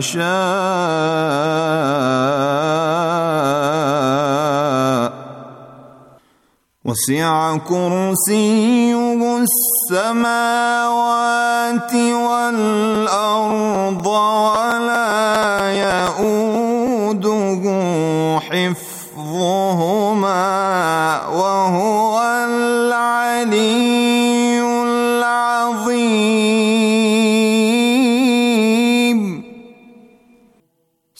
يشاء وسع كرسيه السماوات والارض ولا يئوده حفظهما وهو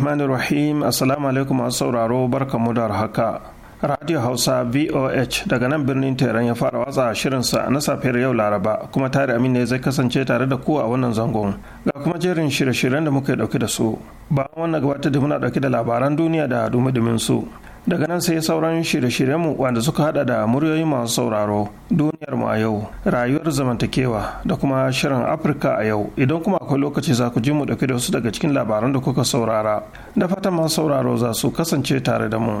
rahmanir rahim assalamu alaikum masu sauraro barkamu da haka radio hausa voh daga nan birnin teran ya fara watsa shirinsa na safiyar yau laraba kuma tare amin ne zai kasance tare da ku a wannan zangon ga kuma jerin shirye-shiryen da muka dauki da su ba wannan gabatar da muna dauki da labaran duniya da dumi-dumin su daga nan sai sauran shirye-shiryenmu wanda suka hada da muryoyi masu sauraro duniyar mu a yau rayuwar zamantakewa da kuma shirin afirka a yau idan kuma akwai lokaci za ku ji mu dauke da wasu daga cikin labaran da kuka saurara da fatan masu sauraro za su kasance tare da mu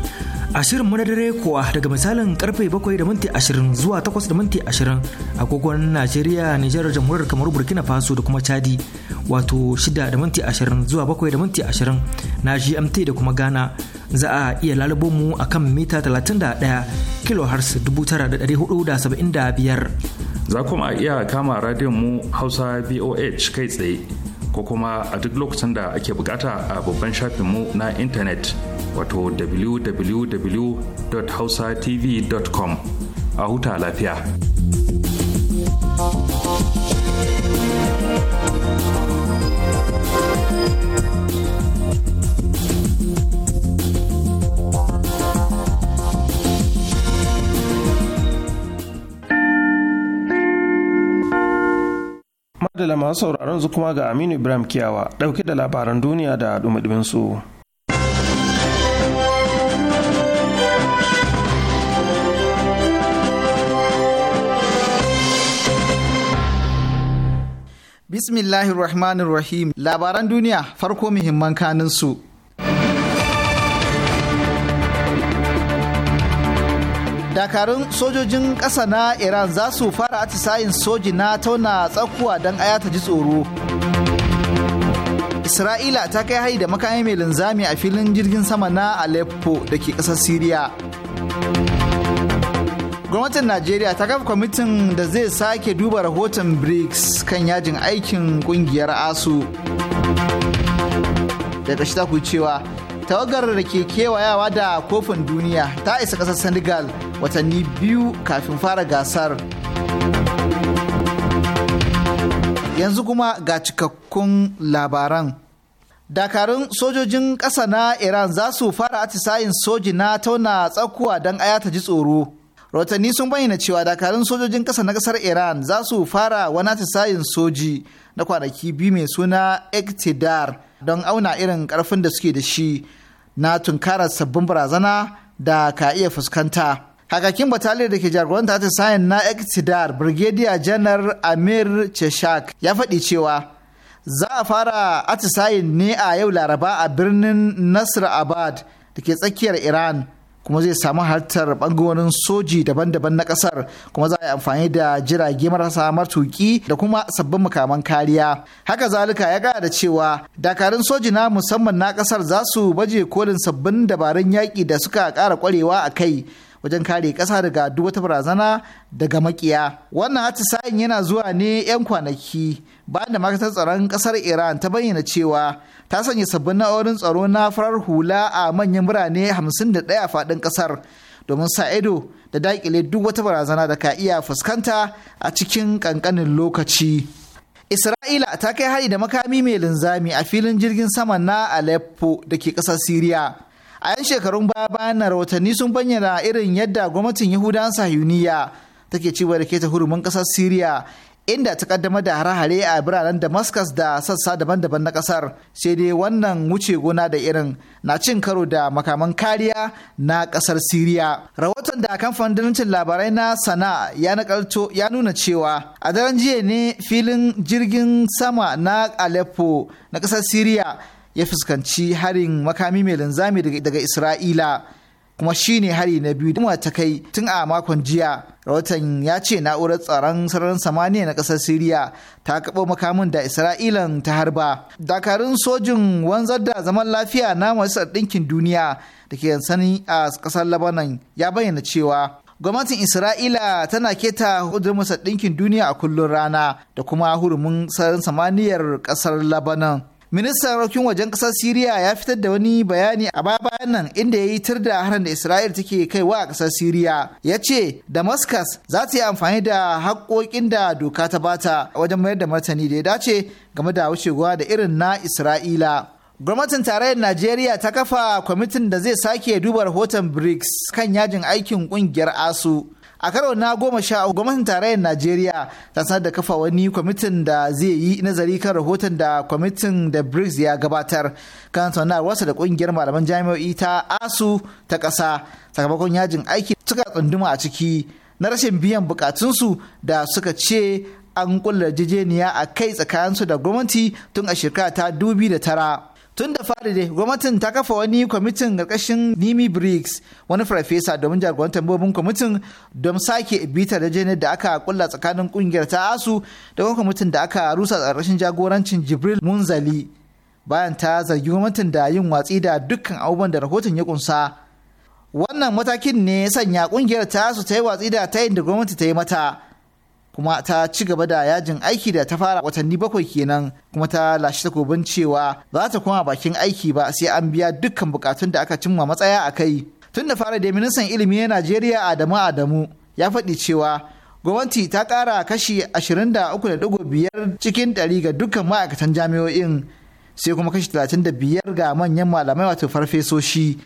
ashirin mu na dare kuwa daga misalin karfe 7 da minti 20 zuwa 8 da minti 20 agogon Najeriya, Nijar, Jamhuriyar kamar Burkina Faso da kuma Chadi wato 6 da minti 20 zuwa 7 da minti 20 na GMT da kuma Ghana za a iya lalubo mu a kan mita 31 da biyar Za kuma a iya kama radiyon mu Hausa BOH kai tsaye ko kuma a duk lokacin da ake bukata a babban shafinmu na intanet. wato www.hausatv.com a huta lafiya. Madala masu sauraron su kuma ga Aminu Ibrahim Kiyawa ɗauke da labaran duniya da dumi su. Bismillahir Rahmanir Rahim. Labaran duniya farko muhimman kanin su. Dakarun sojojin ƙasa na Iran za su fara atisayin soji na tauna tsakuwa don aya ta ji tsoro. Isra'ila ta kai hari da makami mai linzami a filin jirgin sama na Aleppo da ke ƙasar Siriya. gwamnatin najeriya ta kafa kwamitin da zai sake duba rahoton brics kan yajin aikin kungiyar asu da shi ta cewa tawagar da ke kewayawa da kofin duniya ta isa kasar senegal watanni biyu kafin fara gasar yanzu kuma ga cikakkun labaran dakarun sojojin ƙasa na iran za su fara atisayin soji na tauna tsakuwa don aya ta ji tsoro rahotanni sun bayyana cewa dakarun sojojin ƙasa na kasar iran za su fara wani atisayin soji na kwanaki biyu mai suna ektidar don auna irin karfin da suke da shi na tunkara sabbin barazana da ka iya fuskanta hakakin bataliyar da ke jagoranta atisayin na ektidar brigadier janar amir cheshak ya faɗi cewa za a fara atisayin ne a yau laraba a birnin nasir abad da ke tsakiyar iran kuma zai samu halartar bangonin soji daban-daban na kasar kuma za a yi amfani da jirage marasa martuki da kuma sabbin makaman kariya haka zalika ya gada da cewa dakarun soji na musamman na kasar za su baje kolin sabbin dabarun yaƙi da suka ƙara ƙwarewa a kai wajen kare ƙasa daga duk wata barazana daga makiya. Wannan atisayin yana zuwa ne 'yan kwanaki bayan da makasar tsaron ƙasar Iran ta bayyana cewa ta sanya sabbin na'urin tsaro na farar hula a manyan birane 51 a faɗin ƙasar domin sa ido da daƙile duk wata barazana da ka iya fuskanta a cikin ƙanƙanin lokaci. Isra'ila ta kai hari da makami mai linzami a filin jirgin sama na Aleppo da ke ƙasar Siriya. a 'yan shekarun baya bayan na rahotanni sun bayyana irin yadda gwamnatin yahudan sahiyuniya take cewa da ke ta hurumin kasar siriya inda ta kaddamar da hare-hare a biranen damascus da sassa daban-daban na kasar sai dai wannan wuce gona da irin na cin karo da makaman kariya na kasar siriya rahoton da kamfanin dalancin labarai na sana ya ya nuna cewa a daren jiya ne filin jirgin sama na aleppo na kasar siriya ya fuskanci harin makami mai linzami daga isra'ila kuma shi ne hari na biyu da ta kai tun a makon jiya rahoton ya ce na'urar tsaron sararin samaniya na ƙasar siriya ta kaɓo makamin da isra'ilan ta harba dakarun sojin wanzar da zaman lafiya na majalisar ɗinkin duniya da ke sani a ƙasar labanan ya bayyana cewa gwamnatin isra'ila tana keta hudurin masar ɗinkin duniya a kullun rana da kuma hurumin sararin samaniyar ƙasar labanan ministan harkokin wajen kasar siriya ya fitar da wani bayani a bayan nan inda ya yi tur da harin da isra'il take kai wa a kasar siriya ya ce damascus za ta yi amfani da haƙoƙin da doka ta bata wajen mayar da martani da ya dace game da wucewa da irin na isra'ila gwamnatin tarayyar najeriya ta kafa kwamitin da zai sake duba rahoton brics kan yajin aikin ƙungiyar asu a karo na goma sha gwamnatin tarayyar najeriya ta sanar da kafa wani kwamitin da zai yi nazari kan rahoton da kwamitin da brics ya gabatar kan sanarwarsa da kungiyar malaman jami'o'i ta asu ta ƙasa sakamakon yajin aiki suka tsunduma a ciki na rashin biyan bukatunsu da suka ce an kulla jijeniya a kai tsakaninsu da gwamnati tun a shekara ta dubi da tara tun da fari dai gwamnatin ta kafa wani kwamitin ƙarƙashin nimi brigs wani farfesa domin jagorantar bobin kwamitin don sake bitar da janet da aka kulla tsakanin kungiyar ta asu da kuma kwamitin da aka rusa ƙarƙashin jagorancin jibril munzali bayan ta zargi gwamnatin da yin watsi da dukkan abubuwan da rahoton ya kunsa wannan matakin ne sanya kungiyar ta asu ta yi watsi da tayin da gwamnati ta yi mata kuma ta ci gaba da yajin aiki da ta fara watanni bakwai kenan kuma ta lashe takobin cewa za ta koma bakin aiki ba sai an biya dukkan bukatun da aka cimma matsaya a kai tun da fara da ilimi na najeriya adamu adamu ya faɗi cewa gwamnati ta ƙara kashi 23.5 cikin 100 ga dukkan ma'aikatan jami'o'in sai kuma kashi 35 ga manyan malamai wato farfesoshi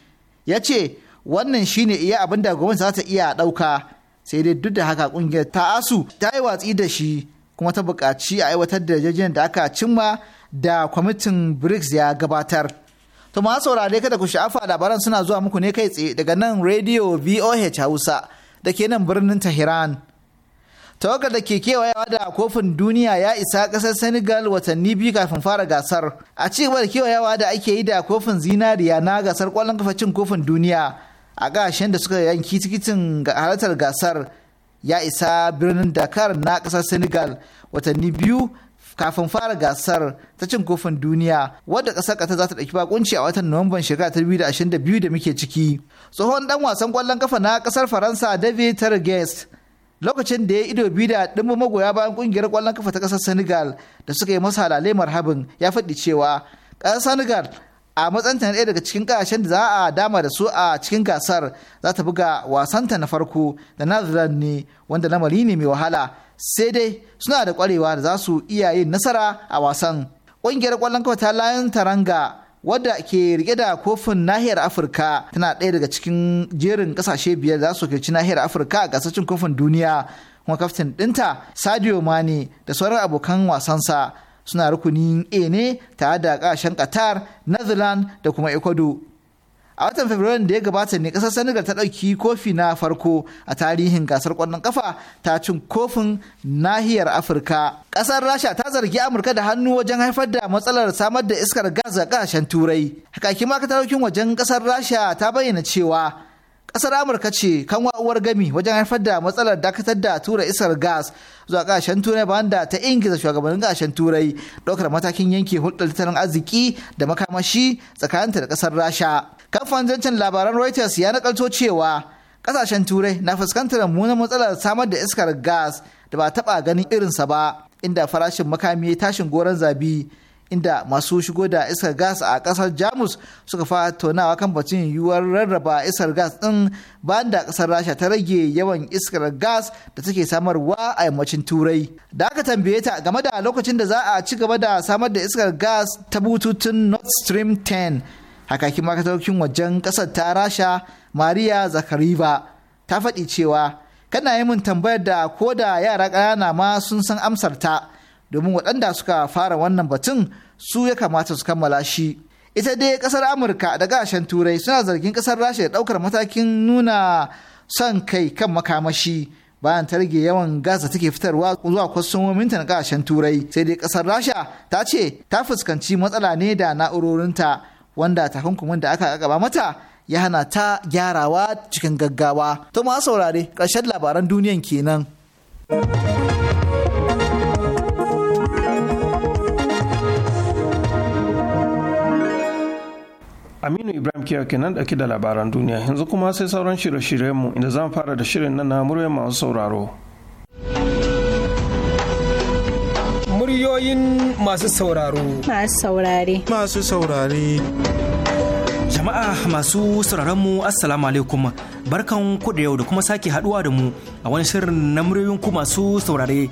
ya ce wannan shine iya abin gwamnati za ta iya ɗauka sai dai duk da haka kungiyar ta asu ta yi watsi da shi kuma ta buƙaci a aiwatar da jajen da aka cimma da kwamitin brics ya gabatar to ma saurare kada ku sha'afa labaran suna zuwa muku ne kai tsaye daga nan radio voh hausa da ke nan birnin tehran tawagar da ke kewayawa da kofin duniya ya isa ƙasar senegal watanni biyu kafin fara gasar a ci gaba da kewayawa da ake yi da kofin zinariya na gasar ƙwallon kafa cin kofin duniya a gashen da suka yanki tikitin ga halartar gasar ya isa birnin dakar na ƙasar senegal watanni biyu kafin fara gasar ta cin kofin duniya wadda ƙasar ƙasar za ta ɗauki bakunci a watan nuwamban shekara ta biyu da muke ciki tsohon dan wasan ƙwallon kafa na kasar faransa david tergest lokacin da ya ido biyu da dimbin magoya bayan ƙungiyar kwallon kafa ta ƙasar senegal da suka yi masa halalai marhabin ya faɗi cewa ƙasar senegal a matsanta ɗaya daga cikin ƙasashen da za a dama da su a cikin gasar za ta buga wasanta na farko da na ne wanda lamari ne mai wahala sai dai suna da ƙwarewa da za su iya yin nasara a wasan ƙungiyar ƙwallon kafa ta layan taranga wadda ke rike da kofin nahiyar afirka tana ɗaya daga cikin jerin ƙasashe biyar za su kirci nahiyar afirka a gasar cin kofin duniya kuma kaftin ɗinta sadio mane da sauran abokan wasansa suna rukunin a ne tare da ƙasashen qatar netherlands da kuma ecuador a watan fabrairu da ya gabata ne kasar senegal ta ɗauki kofi na farko a tarihin gasar ƙwallon ƙafa ta cin kofin nahiyar afirka ƙasar rasha ta zargi amurka da hannu wajen haifar da matsalar samar da iskar gas ga ƙasashen turai ma makatarokin wajen ƙasar rasha ta bayyana cewa kasar Amurka ce kan uwar gami wajen haifar da matsalar dakatar da tura isar gas zuwa ƙasashen turai bayan da ta ingiza shugabannin kashen turai ɗaukar matakin yanke hulɗar tattalin arziki da makamashi tsakaninta da kasar Rasha. Kamfanin zancen labaran Reuters ya nakalto cewa kasashen turai na fuskantar mummunan matsalar samar da iskar gas da ba taɓa ganin irinsa ba inda farashin makami tashin goron zabi inda masu shigo da iskar gas a kasar jamus suka fara tonawa kan batun yiwuwar rarraba iskar gas din bayan da kasar rasha ta rage yawan iskar gas da take samarwa a yammacin turai da aka tambaye ta game da lokacin da za a ci gaba da samar da iskar gas ta bututun north stream 10 hakakin makatokin wajen kasar ta rasha maria zakariva ta faɗi cewa kana yi mun tambayar da ko da yara ƙanana ma sun san amsar ta domin waɗanda suka fara wannan batun su ya kamata su kammala shi ita dai ƙasar amurka da gashen turai suna zargin ƙasar rasha da ɗaukar matakin nuna son kai kan makamashi bayan ta rage yawan gas da take fitarwa zuwa ta na gashen turai sai dai ƙasar rasha ta ce ta fuskanci matsala ne da na'urorinta wanda takunkumin da aka gaba mata ya hana ta gyarawa cikin gaggawa. To ma saurare ƙarshen labaran duniyan kenan. Aminu Ibrahim Kiyawa kenan dauke da labaran duniya yanzu kuma sai sauran shirye-shiryenmu inda zan fara da shirin nan na murya masu sauraro. Muryoyin masu sauraro. Masu saurare. Masu saurare. Jama'a masu sauraron mu Assalamu alaikum barkan ku da yau da kuma sake haduwa da mu a wani shirin na muryoyin ku masu saurare.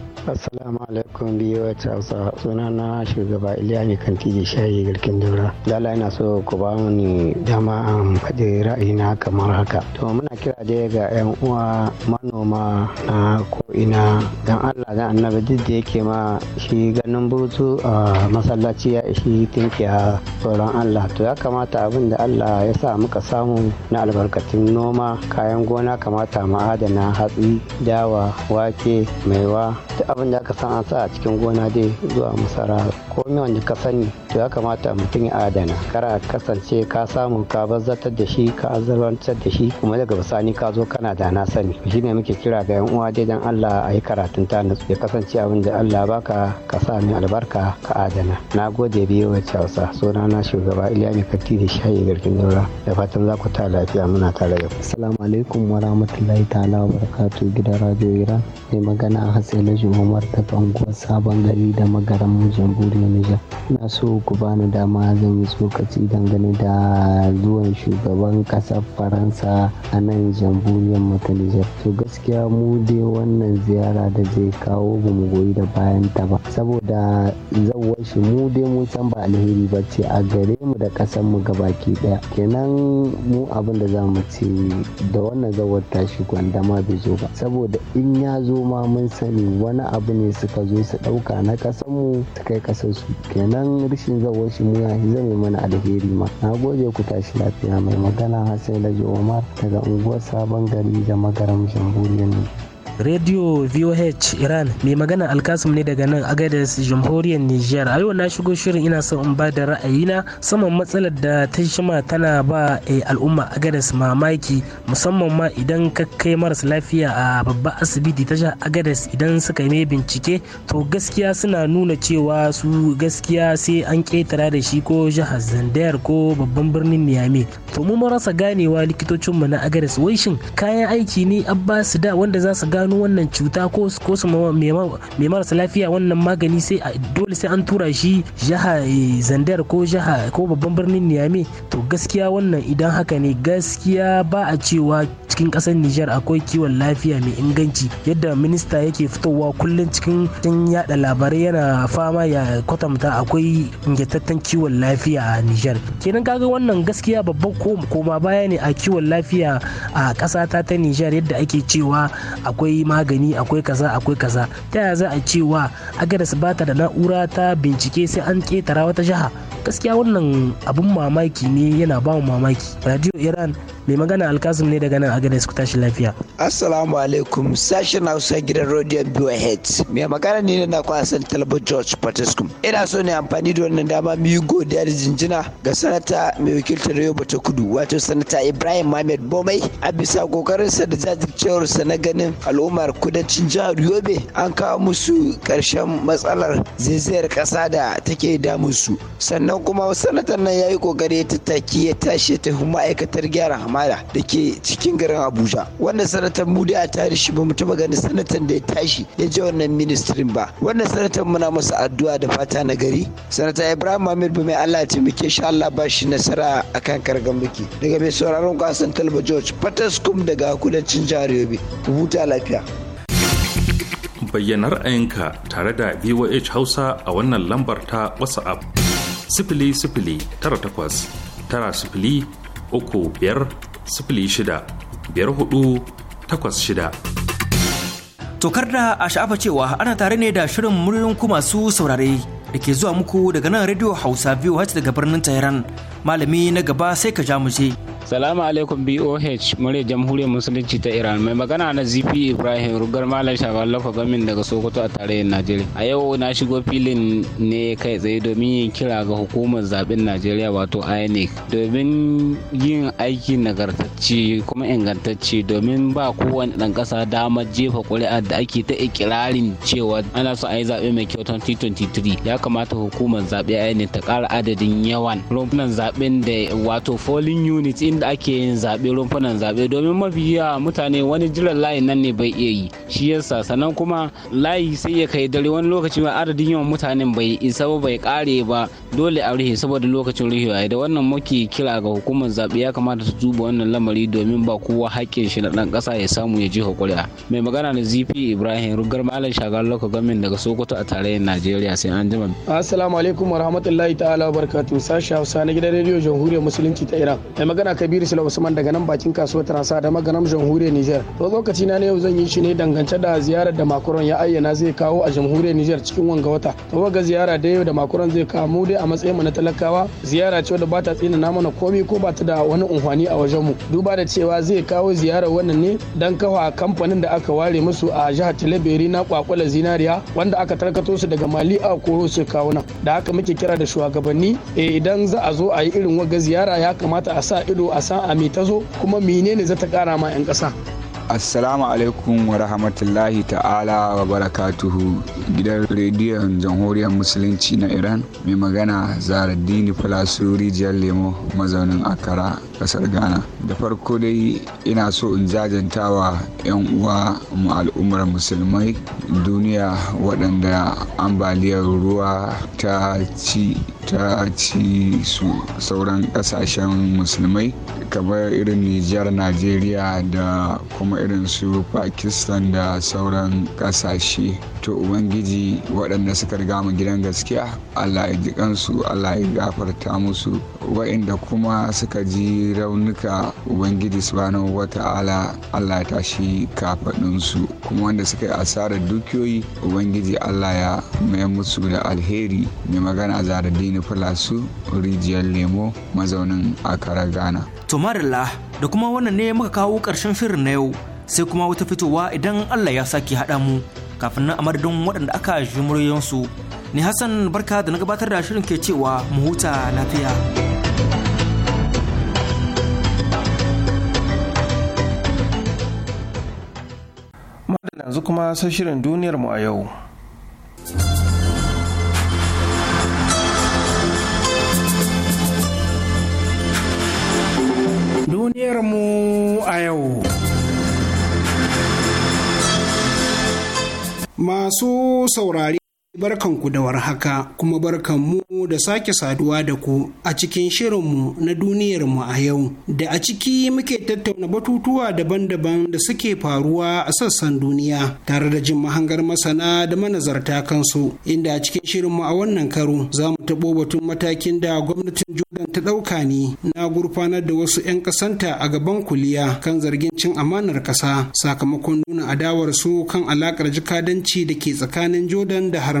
Assalamu alaikum biyu wacce hausa suna shugaba Iliya ne kan tije shayi garkin daura. dala ina so ku ba ni dama an faɗi ra'ayina kamar haka. To muna kira dai ga 'yan uwa manoma na ko'ina dan Allah dan annabi duk da yake ma shi ganin butu a masallaci ya ishi a tsoron Allah. To ya kamata abin da Allah ya sa muka samu na albarkatun noma kayan gona kamata adana hatsi dawa wake maiwa abin da aka san an sa a cikin gona dai zuwa masara komai wanda ka sani to ya kamata mutum ya adana kara kasance ka samu ka bazzatar da shi ka azabantar da shi kuma daga bisani ka zo kana da na sani shi ne muke kira ga yan uwa dai dan Allah a yi karatun ta nutsu ya kasance abin da Allah baka ka sa mai albarka ka adana na gode biyo wacce hausa sunana shugaba Iliya mai kanti da shayi garkin daura da fatan za ku ta lafiya muna tare da ku assalamu alaikum wa rahmatullahi ta'ala wa barakatuh gidan radio Iran mai magana a hasela juma'a mu ta unguwar sabon gari da magaran jamhuriyar Nijar. na so ku bani dama zan yi tsokaci dangane da zuwan shugaban kasar Faransa a nan jamhuriyar mu ta Nijar. To gaskiya mu dai wannan ziyara da zai kawo ba mu goyi da bayan ta ba. Saboda zauwar shi mu dai mun san ba alheri ba ce a gare mu da kasar mu gabaki daya. Kenan mu abin da za mu ce da wannan zawar tashi gwanda ma bai zo ba. Saboda in ya zo ma mun sani wani abu ne suka zo su ɗauka na mu su kai su kenan rashin zawar shi mu yi zame mana alheri ma na gode ku tashi lafiya mai magana hassan lajo omar daga unguwar sabon gari da magaram jamhuriyar Radio VOH Iran mai magana Alkasum ne daga nan Agadez Jamhuriyar Nijar. A yau na shigo shirin ina son in ba da ra'ayina saman matsalar da ta shima tana ba a eh, al'umma Agadez mamaki musamman ma idan ka kai maras lafiya a babban asibiti ta jihar Agadez idan suka yi bincike to gaskiya suna nuna cewa su gaskiya sai an ketara da shi ko jihar Zandayar ko babban birnin Niamey. To mu marasa ganewa likitocinmu na Agadez wai shin kayan aiki ne an su da wanda za su gano tsananin wannan cuta ko ko su mai marasa lafiya wannan magani sai dole sai an tura shi jaha eh, zandar ko jaha ko babban birnin niyami to gaskiya wannan idan haka ne gaskiya ba a cewa cikin kasar nijar akwai kiwon lafiya mai inganci yadda minista yake fitowa kullum cikin cikin yada labarai yana fama ya kwatanta akwai ingantaccen kiwon lafiya a nijar kenan kaga wannan gaskiya babban koma baya ne a kiwon lafiya a kasata ta nijar yadda ake cewa akwai akwai magani akwai kaza akwai kaza ta yaya za a cewa agadas ba ta da na'ura ta bincike sai an ketara wata jiha gaskiya wannan abun mamaki ne yana ba mu mamaki radio iran mai magana alkasim ne daga nan agadez su tashi lafiya assalamu alaikum sashen hausa gidan radio heads mai magana ne na san talibu george patiskum ina so ne amfani da wannan dama mu yi godiya da jinjina ga sanata mai wakiltar yobe ta kudu wato sanata ibrahim mohammed bomai a bisa kokarinsa da jajircewarsa na ganin al'ummar kudancin jihar yobe an kawo musu karshen matsalar zaizayar kasa da take damun su sannan sannan kuma sanatar nan ya yi kokari ya taki ya tashi ta ma'aikatar gyara hamada da ke cikin garin abuja wannan sanatar mu da a tare shi ba mu taba ganin sanatan da ya tashi ya je wannan ministrin ba wannan sanatar muna masa addu'a da fata na gari sanata ibrahim ba mai allah ya muke shi allah ba shi nasara akan kargan muke daga mai sauraron kwasan talba george fataskum daga kudancin jihar yobe huta lafiya bayyanar ra'ayinka tare da voh hausa a wannan lambar ta whatsapp sifili sifili tara takwas tara sifili uku biyar sifili shida biyar hudu takwas shida. Tokar da a sha'afa cewa ana tare ne da shirin muryoyin ku masu saurare da ke zuwa muku daga nan Radio Hausa biyu hajji daga birnin Tehran. Malami na gaba sai ka ja mu je. Salamu alaikum BOH murya jamhuriyar musulunci ta Iran mai magana na ZP Ibrahim rugar malam shagon lafa gamin daga Sokoto a tarayyar Najeriya. A yau na shigo filin ne kai tsaye domin yin kira ga hukumar zaben Najeriya wato INEC domin yin aiki nagartacce kuma ingantacce domin ba kowane ɗan ƙasa damar jefa ƙuri'a da ake ta ikirarin cewa ana so a yi zaɓe mai kyau 2023 ya kamata hukumar zaɓe INEC ta ƙara adadin yawan rumfunan zaɓen da wato Falling unit in inda ake yin zaɓe rumfunan zaɓe domin mafi yawa mutane wani jiran layi nan ne bai iya yi shi yasa sannan kuma layi sai ya kai dare wani lokaci ba adadin yawan mutanen bai isa ba bai kare ba dole a rufe saboda lokacin rufewa da wannan muke kira ga hukumar zaɓe ya kamata su duba wannan lamari domin ba kowa haƙƙin shi na ɗan ƙasa ya samu ya ji hakuriya mai magana da zp ibrahim rugar malam shagar lokacin daga sokoto a tarayyar najeriya sai an jima assalamu alaikum warahmatullahi ta'ala barkatu sashi hausa na gidan rediyo jamhuriyar musulunci ta iran mai magana kai kabiru sula usman daga nan bakin kasuwar transa da maganar jamhuriyar nijar to lokaci na yau zan yi shi ne dangance da ziyarar da makuron ya ayyana zai kawo a jamhuriyar nijar cikin wanga wata to ga ziyara da yau da makuron zai kawo mu dai a matsayin mu na talakawa ziyara ce da bata tsina mana komai ko bata da wani unhwani a wajen mu duba da cewa zai kawo ziyarar wannan ne dan kafa kamfanin da aka ware musu a jihar talabiri na kwakwala zinariya wanda aka tarkato su daga mali a koro su kawo nan da haka muke kira da shugabanni eh idan za a zo a yi irin waga ziyara ya kamata a sa ido a san a me ta zo kuma menene za ta kara ma 'yan ƙasa assalamu alaikum wa rahmatullahi ta'ala wa barakatuhu gidan rediyon jamhuriyar musulunci na iran mai magana zaraddini falasu rijiyar lemo mazaunin akara kasar ghana da farko dai ina so in jajanta wa 'yan uwa mu al'ummar musulmai duniya waɗanda ambaliyar ruwa ta ci ta ci su sauran ƙasashen musulmai kamar irin nijar najeriya da kuma irin su pakistan da sauran kasashe to ubangiji waɗanda suka riga mu gidan gaskiya allah ya ji kansu allah ya gafarta musu waɗanda kuma suka ji raunuka ubangiji subhanahu wata'ala allah ya tashi kafaɗinsu kuma wanda suka yi asarar dukiyoyi ubangiji allah ya mai musu da alheri mai magana dini filasu rijiyar lemo mazaunin akara ghana to da kuma wannan ne muka kawo ƙarshen shirin na yau sai kuma wata fitowa idan Allah ya sake haɗa mu kafin nan a madadin waɗanda aka ji muryoyinsu ni Hassan barka da na gabatar da shirin ke cewa mu huta lafiya. Madalla yanzu kuma sai shirin duniyar mu a yau. duniyarmu a yau. Masu saurari. Barkanku da warhaka kuma mu da sake saduwa da ku a cikin shirinmu na duniyarmu a yau da a ciki muke tattauna batutuwa daban-daban da suke faruwa a sassan duniya tare da jin mahangar masana da manazarta kansu inda a cikin shirinmu a wannan karo za mu taɓo batun matakin da gwamnatin Jordan ta ɗauka ne na gurfanar da wasu 'yan ƙasanta a gaban kuliya kan zargin cin amanar ƙasa sakamakon nuna su kan alaƙar jikadanci da ke tsakanin Jordan da haram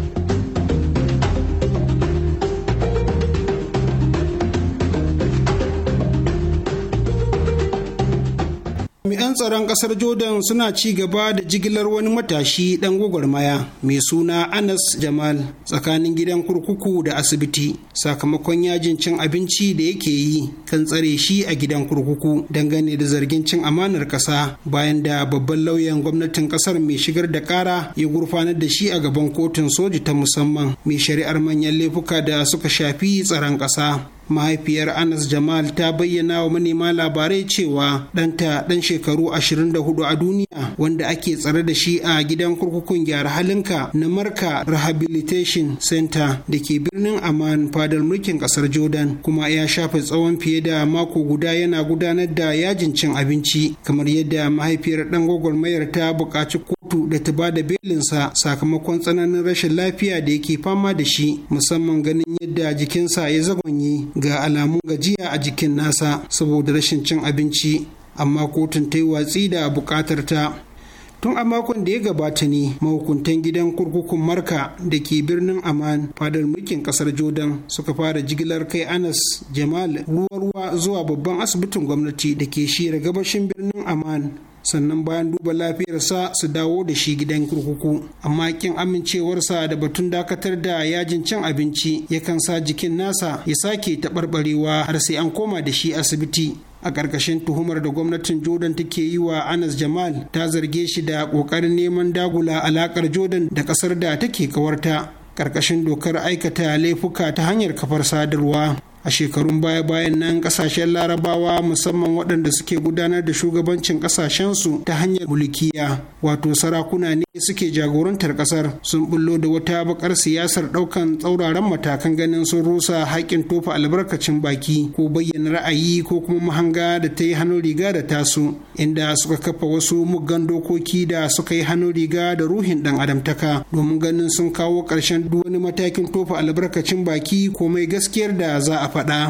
jami'an tsaron kasar jordan suna ci gaba da jigilar wani matashi dan gwagwarmaya mai suna anas jamal tsakanin gidan kurkuku da asibiti sakamakon yajin cin abinci da yake yi kan tsare shi a gidan kurkuku dangane da zargin cin amanar kasa bayan da babban lauyan gwamnatin kasar mai shigar da kara ya gurfanar da shi a gaban kotun soji ta musamman mai shari'ar manyan laifuka da suka shafi tsaron kasa mahaifiyar anas jamal ta bayyana wa manema labarai cewa ɗanta ɗan shekaru 24 a duniya wanda ake tsare da shi a gidan kurkukun gyara halinka na marka rehabilitation center da ke birnin amman fadar mulkin ƙasar jordan kuma ya shafe tsawon fiye da mako guda yana gudanar da yajin cin abinci kamar yadda mahaifiyar ɗan gwagwarmayar ta buƙaci kotu da ta ba da belinsa sakamakon tsananin rashin lafiya da yake fama da shi musamman ganin yadda jikinsa ya zagonye ga alamun gajiya a jikin nasa saboda rashin cin abinci amma kotun ta yi watsi da bukatar ta tun a makon da ya gabata ne mahukuntan gidan kurkukun marka da ke birnin aman fadar mulkin kasar jordan suka fara jigilar kai anas jamal ruwa-ruwa zuwa babban asibitin gwamnati da ke shira gabashin birnin aman sannan bayan duba lafiyarsa su dawo da shi gidan kurkuku amma kin amincewarsa da batun dakatar da yajin cin abinci yakan sa jikin nasa ya sake taɓarɓarewa har sai an koma da shi asibiti a ƙarƙashin tuhumar da gwamnatin jordan take yi wa anas jamal ta zarge shi da ƙoƙarin neman dagula alaƙar jordan da ƙasar da take kawarta ƙarƙashin dokar aikata laifuka ta hanyar kafar sadarwa a shekarun baya-bayan nan kasashen larabawa musamman waɗanda suke gudanar da shugabancin kasashensu ta hanyar mulkiya wato sarakuna ne suke jagorantar ƙasar) sun bullo da wata bakar siyasar ɗaukan tsauraran matakan ganin sun rusa haƙƙin tofa albarkacin baki ko bayyana ra'ayi ko kuma mahanga da ta yi hannun riga da tasu inda suka kafa wasu muggan dokoki da suka yi hannun riga da ruhin ɗan adamtaka domin ganin sun kawo ƙarshen duk wani matakin tofa albarkacin baki ko mai gaskiyar da za a faɗa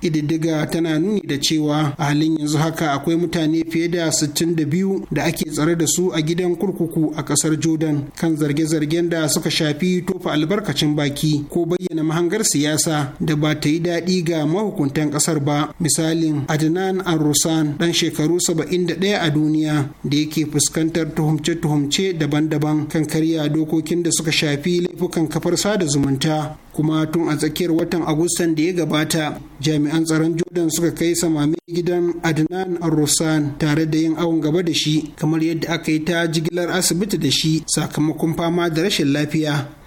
ƙididdiga tana nuni da cewa a halin yanzu haka akwai mutane fiye da 62 da ake tsare da su a gidan kurkuku a ƙasar jordan kan zarge-zargen da suka shafi tofa albarkacin baki ko bayyana mahangar siyasa da ba ta yi daɗi ga mahukuntan ƙasar ba misalin adnan arusan ɗan shekaru 71 a duniya da yake fuskantar tuhumce-tuhumce daban-daban kan karya dokokin da suka shafi laifukan kafar sada zumunta kuma tun a tsakiyar watan agustan da ya gabata jami'an tsaron jordan suka kai samami gidan adnan arusan tare da yin awon gaba da shi kamar yadda aka yi ta jigilar asibiti da shi sakamakon fama da rashin lafiya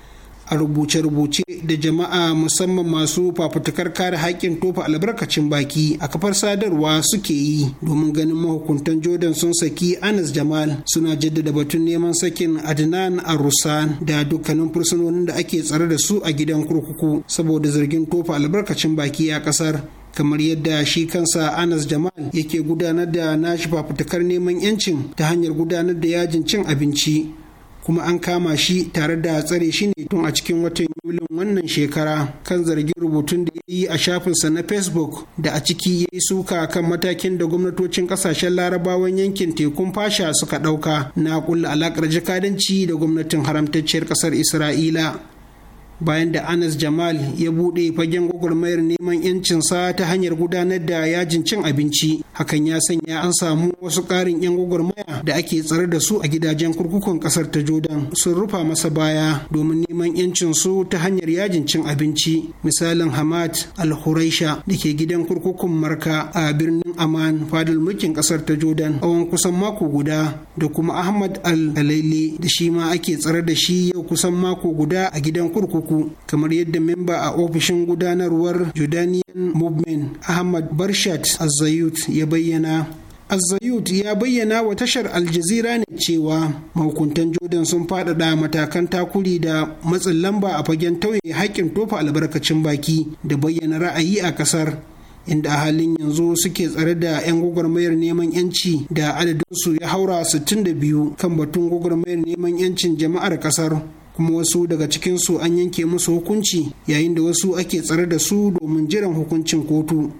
a rubuce-rubuce da jama'a musamman masu fafutukar kare haƙƙin tofa albarkacin baki a kafar sadarwa suke yi domin ganin mahukuntan jordan sun saki anas jamal suna jaddada batun neman sakin adnan arusan da dukkanin fursunonin da ake tsare da su a gidan kurkuku saboda zargin tofa albarkacin baki a ƙasar kamar yadda shi kansa Anas Jamal yake gudanar da nashi fafutukar neman yancin ta hanyar gudanar da yajin cin abinci kuma an kama shi tare da tsare shi ne tun a cikin watan yulin wannan shekara kan zargin rubutun da ya yi a shafinsa na facebook da a ciki ya yi suka kan matakin da gwamnatocin kasashen larabawan yankin tekun fasha suka ɗauka na kulla alakar jakadanci da gwamnatin haramtacciyar ƙasar isra'ila bayan da anas jamal ya buɗe fagen gwagwarmayar neman yancinsa ta hanyar gudanar da yajin cin abinci hakan ya sanya an samu wasu ƙarin 'yan gwagwarmaya da ake tsare da su a gidajen kurkukun ƙasar ta jordan sun rufa masa baya domin neman yancinsu ta hanyar yajin cin abinci misalin hamad al-huraisha da ke gidan kurkukun marka a birnin aman fadar mulkin ƙasar ta jordan awon kusan mako guda da kuma ahmad al-kalaili da shi ma ake tsare da shi yau kusan mako guda a gidan kurkuku farko kamar yadda memba a ofishin gudanarwar jordanian movement ahmad barshat azayut ya bayyana Azayut ya bayyana wa tashar Aljazira ne cewa mahukuntan Jordan sun faɗaɗa matakan takuri da matsin lamba a fagen tauye haƙƙin tofa albarkacin baki da bayyana ra'ayi a ƙasar. inda a halin yanzu suke tsare da 'yan gwagwarmayar neman 'yanci da adadinsu ya haura 62 kan batun gwagwarmayar neman 'yancin jama'ar kasar kuma wasu daga cikin su an yanke musu hukunci yayin da wasu ake tsare da su domin jiran hukuncin kotu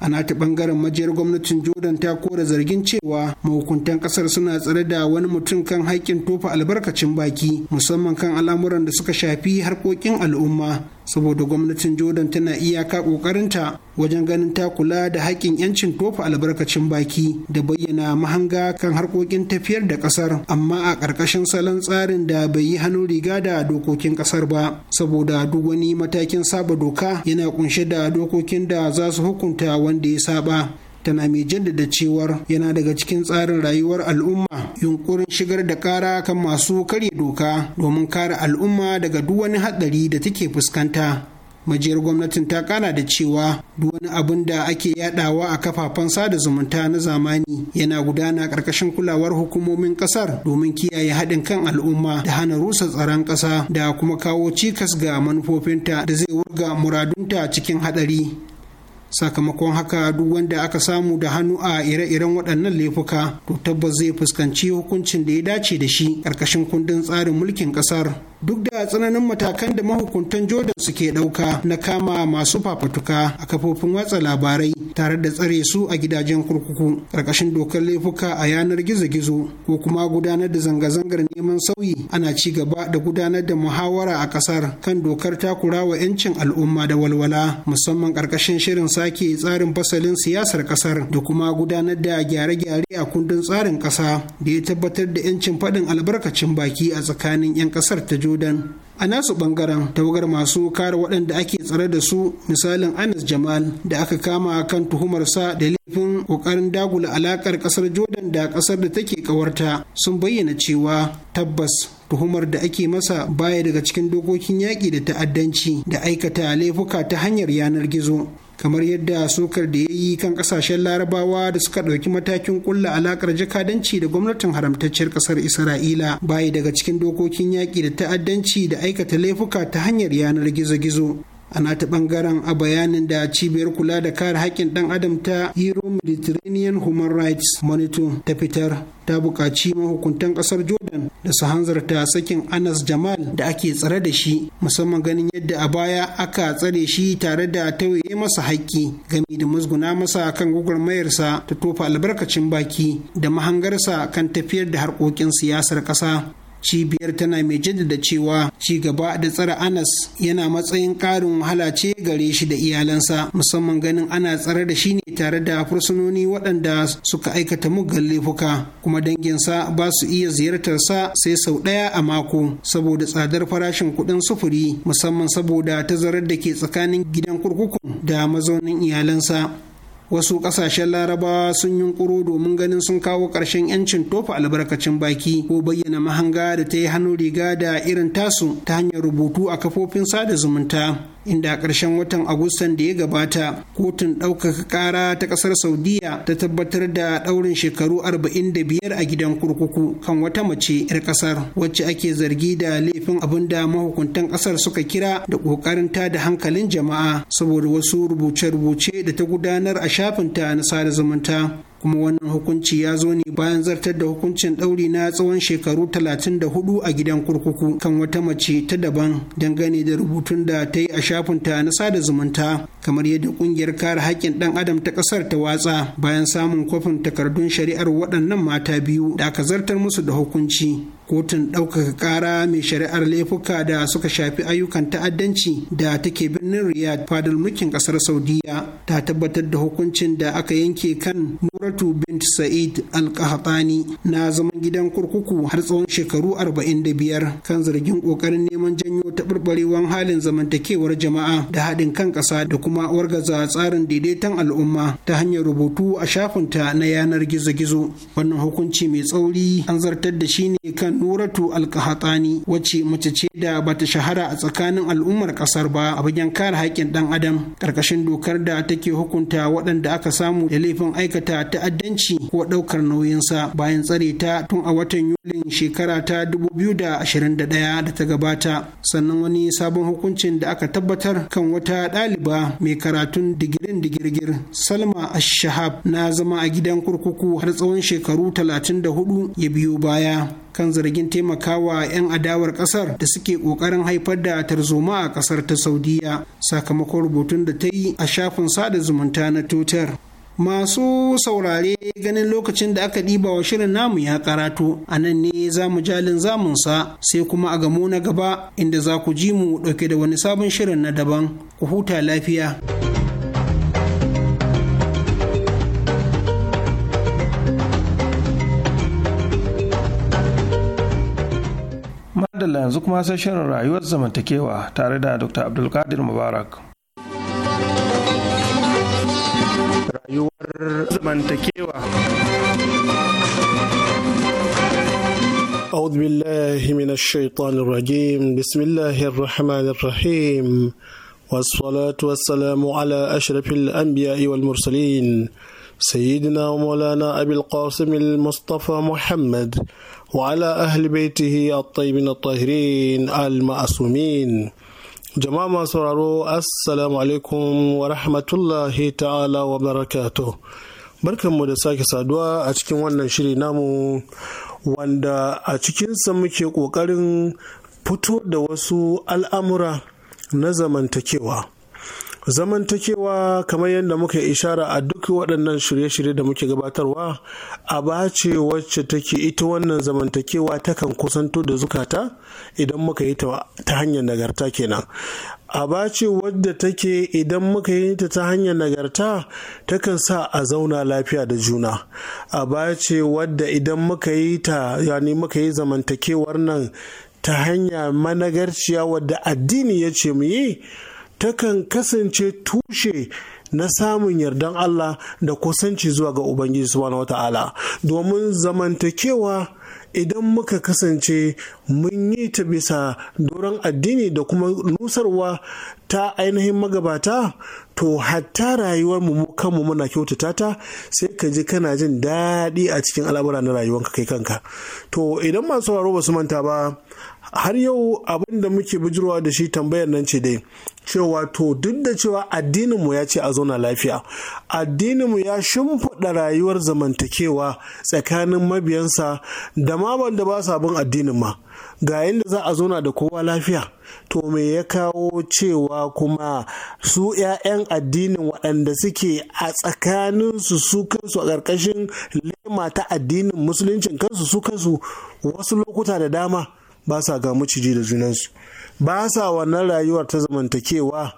a nata bangaren majiyar gwamnatin jordan ta kora zargin cewa mahukuntan kasar suna tsare da wani mutum kan haƙƙin tofa albarkacin baki musamman kan al'amuran da suka shafi harkokin al'umma saboda gwamnatin jordan tana iyaka kokarinta wajen ganin ta kula da haƙƙin 'yancin tofa albarkacin baki da bayyana mahanga kan harkokin tafiyar da ƙasar amma a ƙarƙashin salon tsarin da bai yi hannun riga da dokokin ƙasar ba saboda duk wani matakin saba doka yana kunshe da dokokin da za su hukunta wanda ya saba tana mai jaddada cewar yana daga cikin tsarin rayuwar al'umma yunkurin shigar da kara kan masu karya doka domin kare al'umma daga duk wani hatsari da take fuskanta majiyar gwamnatin ta kana da cewa duk wani abin da ake yadawa a kafafen sada zumunta na zamani yana gudana ƙarƙashin kulawar hukumomin ƙasar domin kiyaye haɗin kan al'umma da hana rusa tsaron ƙasa da kuma kawo cikas ga manufofinta da zai wurga muradunta cikin haɗari sakamakon haka duk wanda aka samu da hannu a ire-iren waɗannan laifuka to tabbas zai fuskanci hukuncin da ya dace da shi ƙarƙashin kundin tsarin mulkin ƙasar duk da tsananin matakan da mahukuntan jordan suke ɗauka na kama masu fafatuka a kafofin watsa labarai tare da tsare su a gidajen kurkuku ƙarƙashin dokar laifuka a yanar gizo-gizo ko kuma gudanar da zanga-zangar neman sauyi ana ci gaba da gudanar da muhawara a ƙasar kan dokar takura wa 'yancin al'umma da walwala musamman ƙarƙashin shirin sake tsarin fasalin siyasar ƙasar da kuma gudanar da gyare-gyare a kundin tsarin ƙasa da ya tabbatar da 'yancin faɗin albarkacin baki a tsakanin 'yan ƙasar ta jordan Sudan. a nasu bangaren tawagar masu kare waɗanda ake tsare da su misalin anas jamal da aka kama kan tuhumarsa da laifin ƙoƙarin dagula alaƙar ƙasar jordan da ƙasar da take ƙawarta sun bayyana cewa tabbas tuhumar da ake masa baya daga cikin dokokin yaƙi da ta'addanci da aikata laifuka ta hanyar yanar gizo kamar yadda sukar da ya yi kan kasashen larabawa da suka ɗauki matakin kulla alaƙar jakadanci da gwamnatin haramtacciyar ƙasar isra'ila bayi daga cikin dokokin yaƙi da ta'addanci da aikata laifuka ta hanyar yanar gizo-gizo ana ta bangaren a bayanin da cibiyar kula da kare haƙƙin ɗan adam ta euro mediterranean human rights monitor ta fitar ta buƙaci mahukuntan ƙasar jordan da su hanzarta sakin anas jamal da ake tsare da shi musamman ganin yadda a baya aka tsare shi tare da tauye masa haƙƙi gami da musguna masa kan gwagwarmayarsa ta tofa albarkacin baki da mahangarsa kan tafiyar da harkokin siyasar ƙasa cibiyar tana mai jaddada cewa ci gaba da tsare anas yana matsayin ƙarin wahala ce gare shi da iyalansa musamman ganin ana tsare da shi ne tare da fursunoni waɗanda suka aikata muggan laifuka kuma danginsa ba su iya ziyartarsa sai sau ɗaya a mako saboda tsadar farashin kuɗin sufuri musamman saboda tazarar da ke tsakanin gidan kurkuku da mazaunin iyalansa wasu kasashen larabawa sun yunkuro domin ganin sun kawo ƙarshen 'yancin tofa albarkacin baki ko bayyana mahanga da ta yi hannu riga da irin tasu ta hanyar rubutu a kafofin sada zumunta inda a ƙarshen watan agustan da ya gabata kotun ɗaukaka ƙara ta ƙasar saudiya ta tabbatar da ɗaurin shekaru 45 a gidan kurkuku kan wata mace 'yar ƙasar wacce ake zargi da laifin abin da mahukuntan ƙasar suka kira da ƙoƙarin ta da hankalin jama'a saboda wasu rubuce-rubuce da ta gudanar a shafinta na sada zumunta kuma wannan hukunci ya zo ne bayan zartar da hukuncin ɗauri na tsawon shekaru 34 a gidan kurkuku kan wata mace ta daban dangane da rubutun da ta yi a shafinta na sada zumunta kamar yadda kungiyar kare haƙƙin ɗan adam ta ƙasar ta watsa bayan samun kwafin takardun shari'ar waɗannan mata biyu da aka zartar musu da hukunci kotun ɗaukaka ƙara mai shari'ar laifuka da suka shafi ayyukan ta'addanci da take birnin Riyad fadar mulkin ƙasar saudiya ta tabbatar da hukuncin da aka yanke kan muratu bint sa'id al na zaman gidan kurkuku har tsawon shekaru 45 kan zargin ƙoƙarin neman janyo taɓarɓarewar halin zamantakewar jama'a da haɗin kan ƙasa da kuma wargaza tsarin daidaiton al'umma ta hanyar rubutu a shafinta na yanar gizo-gizo wannan hukunci mai tsauri an zartar da shi ne kan nuratu alkahatsani wacce mace ce da bata shahara a tsakanin al'ummar kasar ba a bagen kare haƙƙin ɗan adam ƙarƙashin dokar da take hukunta waɗanda aka samu da laifin aikata ta'addanci ko ɗaukar nauyinsa bayan tsare ta tun a watan yulin shekara ta 2021 da ta gabata sannan wani sabon hukuncin da aka tabbatar kan wata ɗaliba mai karatun digirin digirgir salma ashahab na zama a gidan kurkuku har tsawon shekaru talatin da hudu ya biyo baya kan zargin taimakawa 'yan adawar kasar da suke kokarin haifar da tarzoma a kasar ta saudiya sakamakon rubutun da ta yi a shafin sada zumunta na twitter masu saurare ganin lokacin da aka ɗiba wa shirin namu ya karatu a nan ne za mu jalin zamunsa sai kuma a gamo na gaba inda za ku ji mu ɗauke da wani sabon shirin na daban ku huta lafiya. madalla yanzu kuma sai shirin rayuwar zamantakewa tare da dr abdulkadir mubarak rayuwar zamantakewa أعوذ بالله من الشيطان الرجيم بسم الله الرحمن الرحيم والصلاة والسلام على أشرف الأنبياء والمرسلين سيدنا ومولانا أبي القاسم المصطفى محمد وعلى أهل بيته الطيبين الطاهرين المأسومين jama'a masu sauraro assalamu alaikum wa rahmatullahi ta'ala wa barakatuh barkanmu da sake saduwa a cikin wannan shiri namu wanda a cikinsa muke ƙoƙarin fito da wasu al'amura na zamantakewa zamantakewa kamar yadda muka ishara a duk waɗannan shirye-shirye da muke gabatarwa a bace wacce take ita wannan zamantakewa takan kusanto da zukata idan muka yi ta hanyar nagarta kenan a bace wadda take idan muka yi ta hanyar nagarta takan sa a zauna lafiya da juna a bace wadda idan muka yi ta yani muka yi zamantakewar nan ta hanyar managarciya wadda addini ya ce mu yi takan kasance tushe na samun yardan Allah da kusanci zuwa ga Ubangiji subhanahu ta'ala domin zamantakewa idan muka kasance mun yi ta bisa doron addini da kuma nusarwa ta ainihin magabata to hatta rayuwar mu kanmu muna kyautata ta sai ka ji kana jin daɗi a cikin al'amura na rayuwanka kai kanka to idan masu sauraro ba su manta ba har yau abin da muke bijirwa da shi tambayar nan ce dai cewa to duk da cewa addininmu ya ce a zauna lafiya addininmu ya shimfiɗa rayuwar zamantakewa tsakanin mabiyansa da ma wanda ba sabon addinin ma ga yadda za a zauna da kowa lafiya to me ya kawo cewa kuma su 'ya'yan addinin waɗanda suke a tsakaninsu su kansu a ƙarƙashin lema ta addinin musuluncin kansu su kansu wasu lokuta da dama ba sa ga maciji da junansu ba sa wannan rayuwar ta zamantakewa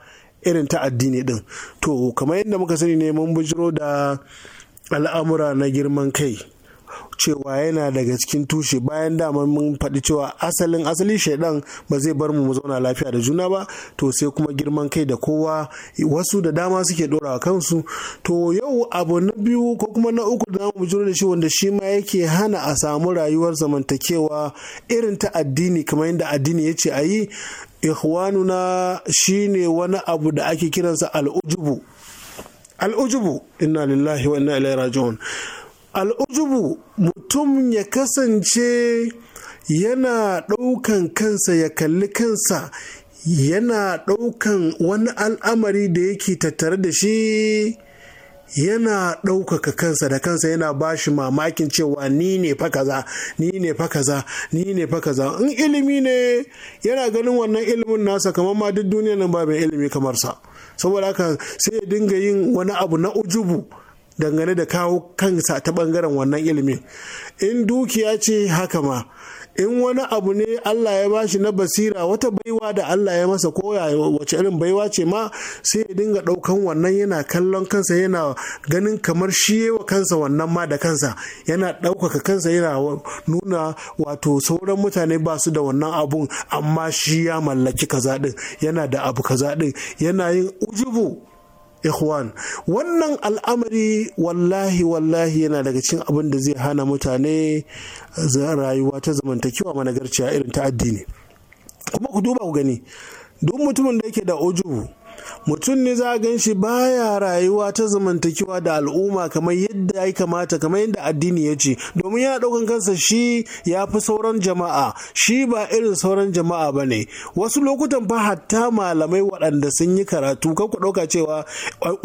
irin ta addini din to kamar yadda muka sani ne mun bujiro da al'amura na girman kai cewa yana daga cikin tushe bayan dama mun faɗi cewa asalin asali shaidan ba zai bar mu mu zauna lafiya da juna ba to sai kuma girman kai da kowa wasu da dama suke ɗora kansu to yau abu na biyu ko kuma na uku da mu jiro da shi wanda shi ma yake hana a samu rayuwar zamantakewa irin ta addini kamar yadda addini ya ce a yi ikhwanuna shine wani abu da ake kiransa al'ujubu al'ujubu inna lillahi wa inna ilaihi raji'un al'ujubu mutum ya kasance yana ɗaukan kansa ya kalli kansa yana ɗaukan wani al'amari da yake tattare da shi yana ɗaukaka kansa da kansa yana ba shi mamakin cewa ni ne fa kaza ni ne fa kaza ni ne fa kaza in ilimi ne yana ganin wannan ilimin nasa kamar ma duk duniya nan ba mai ilimi kamar sa saboda haka sai ya dinga yin wani abu na ujubu dangane da kawo kansa ta bangaren wannan ilimin in dukiya ce haka ma in wani abu ne Allah ya bashi na basira wata baiwa da Allah ya masa koya wace irin baiwa ce ma sai ya dinga ɗaukan wannan yana kallon kansa yana ganin kamar shi wa kansa wannan ma da kansa yana ɗaukaka kansa yana nuna wato sauran mutane ba su da wannan abun amma shi ya mallaki kaza din yana da abu kaza ɗin yana yin ujubu ikhwan wannan al'amari wallahi wallahi yana daga cikin abin da zai hana mutane rayuwa ta zamantakewa managarciya irin ta addini kuma ku duba ku gani duk mutumin da yake da ujubu. mutum ne za a gan shi baya rayuwa ta zamantakewa da al'umma kamar yadda ya kamata kamar yadda addini ya ce domin yana ɗaukan kansa shi ya fi sauran jama'a shi ba irin sauran jama'a ba ne wasu lokutan fa hatta malamai waɗanda sun yi karatu kan ku ɗauka cewa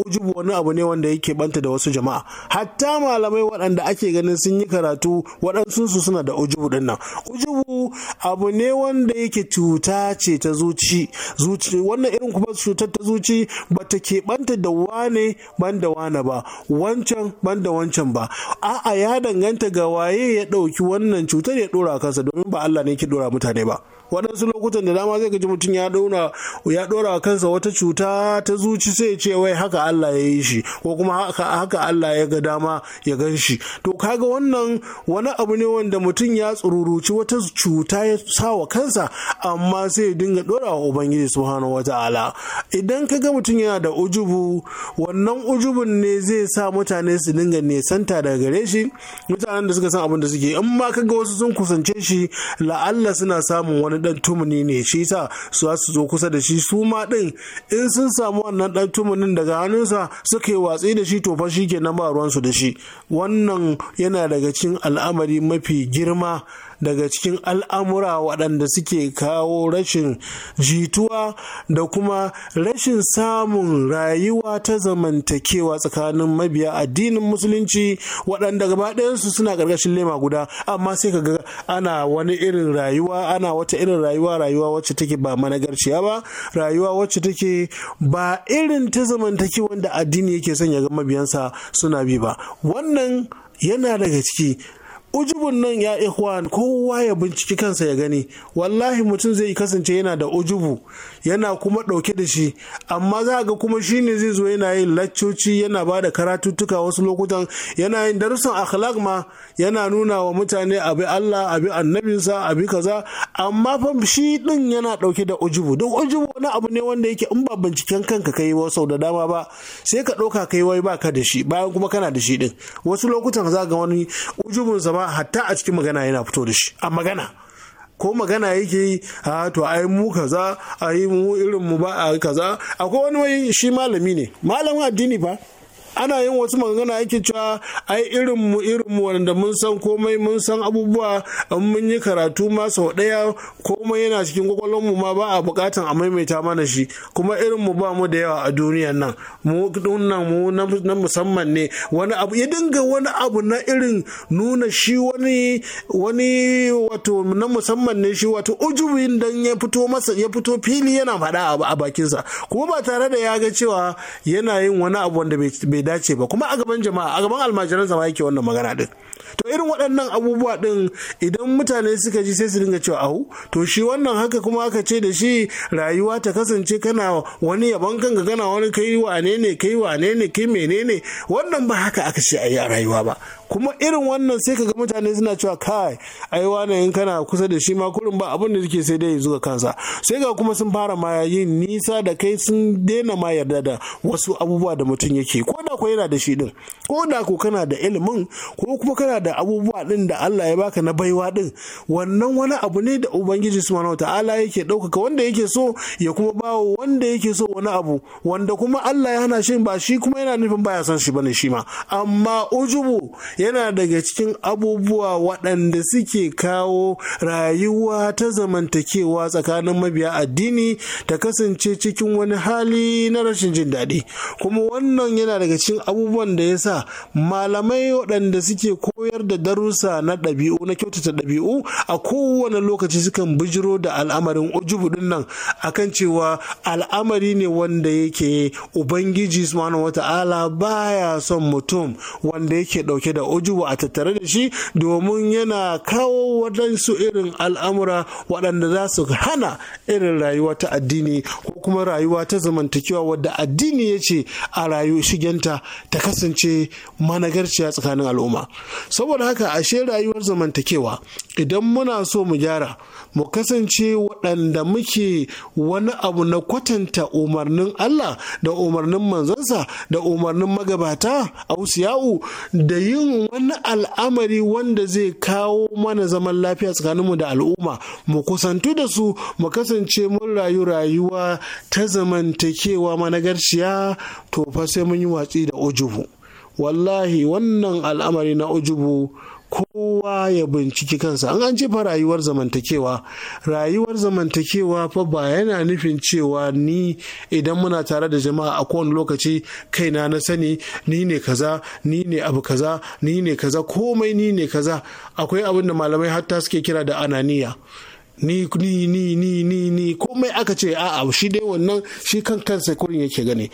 ujubu wani abu ne wanda yake banta da wasu jama'a hatta malamai waɗanda ake ganin sun yi karatu waɗansu su suna da ujubu ɗin nan ujubu abu ne wanda yake cuta ce ta zuci zuci wannan irin kuma cutar ta zuci musulunci ba ta keɓanta da wane ban da wane ba wancan ban da wancan ba a'a ya danganta ga waye ya ɗauki wannan cutar ya ɗora kansa domin ba Allah ne ke ɗora mutane ba waɗansu lokutan da dama zai gaji mutum ya ɗora ya kansa wata cuta ta zuci sai ce wai haka Allah ya yi shi ko kuma haka Allah ya ga dama ya gan shi to kaga wannan wani abu ne wanda mutum ya tsururuci wata cuta ya sa wa kansa amma sai ya dinga ɗora wa ubangiji subhanahu wata'ala idan kaga mutum yana da ujubu wannan ujubun ne zai sa mutane su dinga nesanta daga gare shi mutanen da suka san abin da suke in ma kaga wasu sun kusance shi la'alla suna samun wani Ɗan tumuni ne shi sa su su zo kusa da shi su ma ɗin in sun samu wannan ɗan tumunin daga hannunsa suka yi watsi da shi to fa shi ke na ba ruwansu da shi wannan yana daga cikin al'amari mafi girma daga cikin al'amura waɗanda suke kawo rashin jituwa da kuma rashin samun rayuwa ta zamantakewa tsakanin mabiya addinin musulunci waɗanda gaba ɗayansu suna ƙarƙashin lema guda amma sai ka ga ana wani irin rayuwa ana wata irin rayuwa rayuwa wacce take ba managarciya ba rayuwa wacce take ba irin ta zamantakewa da addini yake son ya ga mabiyansa suna bi ba wannan yana daga ciki ujubun nan ya ikhwan kowa ya binciki kansa ya gani wallahi mutum zai kasance yana da ujubu yana kuma ɗauke da shi amma za ga kuma shi ne zai zo yana yin laccoci yana ba da karatuttuka wasu lokutan yana yin darussan akhlaq ma yana nuna wa mutane abi Allah abi annabinsa abi kaza amma fa shi din yana ɗauke da ujubu duk ujubu wani abu ne wanda yake in ba binciken kanka kai wa sau da dama ba sai ka ɗauka kai wai baka da shi bayan kuma kana da shi din wasu lokutan za ga wani ujubun zama ma hatta a cikin magana yana fito da shi a magana ko magana yake yi a to ai mu kaza a yi mu irin mu ba a kaza akwai wani wai shi malami ne malamin addini ba ana yin wasu magana yake cewa ai irin mu irin mu wanda mun san komai mun san abubuwa in mun yi karatu ma sau daya komai yana cikin kwakwalwar mu ma ba a bukatan a maimaita mana shi kuma irin mu ba mu da yawa a duniyan nan mu dunnan mu na musamman ne wani abu ya dinga wani abu na irin nuna shi wani wani wato na musamman ne shi wato ujubin dan ya fito masa ya fito fili yana faɗa a bakinsa kuma ba tare da ya ga cewa yana yin wani abu wanda bai bai dace ba kuma a gaban jama'a a gaban almajiran zama yake wannan magana din to irin waɗannan abubuwa ɗin idan mutane suka ji sai su dinga cewa au to shi wannan haka kuma aka ce da shi rayuwa ta kasance kana wani yaban kanka kana wani kai wane ne kai wane ne kai menene wannan ba haka aka ce ayi a rayuwa ba kuma irin wannan sai kaga mutane suna cewa kai ai wane in kana kusa da shi ma kurin ba abin da yake sai dai zuwa kansa sai ga kuma sun fara ma yin nisa da kai sun daina ma yarda da wasu abubuwa da mutum yake ko da ko yana da shi din ko da ko kana da ilimin ko kuma kana da abubuwa ɗin da Allah ya baka na baiwa ɗin wannan wani abu ne da ubangiji subhanahu ta'ala yake ɗaukaka wanda yake so ya kuma bawo wanda yake so wani abu wanda kuma Allah ya hana shi ba shi kuma yana nufin baya san shi bane shi ma amma ujubu yana daga cikin abubuwa waɗanda suke kawo rayuwa ta zamantakewa tsakanin mabiya addini ta kasance cikin wani hali na rashin jin daɗi kuma wannan yana daga cikin abubuwan da ya sa malamai waɗanda suke ko koyar da darussa na ɗabi'u na kyautata ɗabi'u a kowane lokaci sukan bijiro da al'amarin ujubu din nan akan cewa al'amari ne wanda yake ubangiji subhanahu wata'ala baya son mutum wanda yake ɗauke da ujubu a tattare da shi domin yana kawo waɗansu irin al'amura waɗanda za su hana irin rayuwa ta addini ko kuma rayuwa ta zamantakewa wadda addini ya ce a rayu shigenta ta kasance managarciya tsakanin al'umma saboda haka ashe rayuwar zamantakewa idan muna so mu gyara mu kasance waɗanda muke wani abu na kwatanta umarnin Allah da umarnin manzansa da umarnin magabata ausiya'u da yin wani al'amari wanda zai kawo mana zaman lafiya tsakaninmu da al'umma mu kusantu da su mu kasance mun rayu rayuwa ta zamantakewa managarciya to fa sai mun yi watsi da ujubu. wallahi wannan al'amari na ujubu kowa ya binciki kansa an an fa rayuwar zamantakewa rayuwar zamantakewa fa ba yana nufin cewa ni idan muna tare da jama'a a kowane lokaci kaina na sani ni ne kaza ni ne abu kaza ni ne kaza komai ni ne kaza akwai abin da malamai hatta suke kira da ananiya ni ni ni ni ni ni komai aka ce a'a shi dai wannan shi kan kansa kurin yake gani?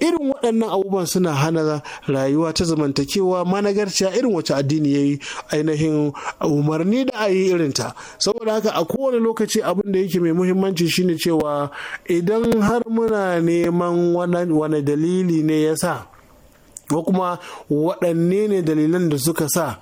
irin waɗannan abubuwan suna hana rayuwa ta zamantakewa managarciya irin wacce addini ya yi ainihin umarni da a yi irinta saboda haka a kowane lokaci abin da yake mai muhimmanci shine cewa idan har muna neman wani dalili ne ya sa ko kuma waɗanne ne dalilan da suka sa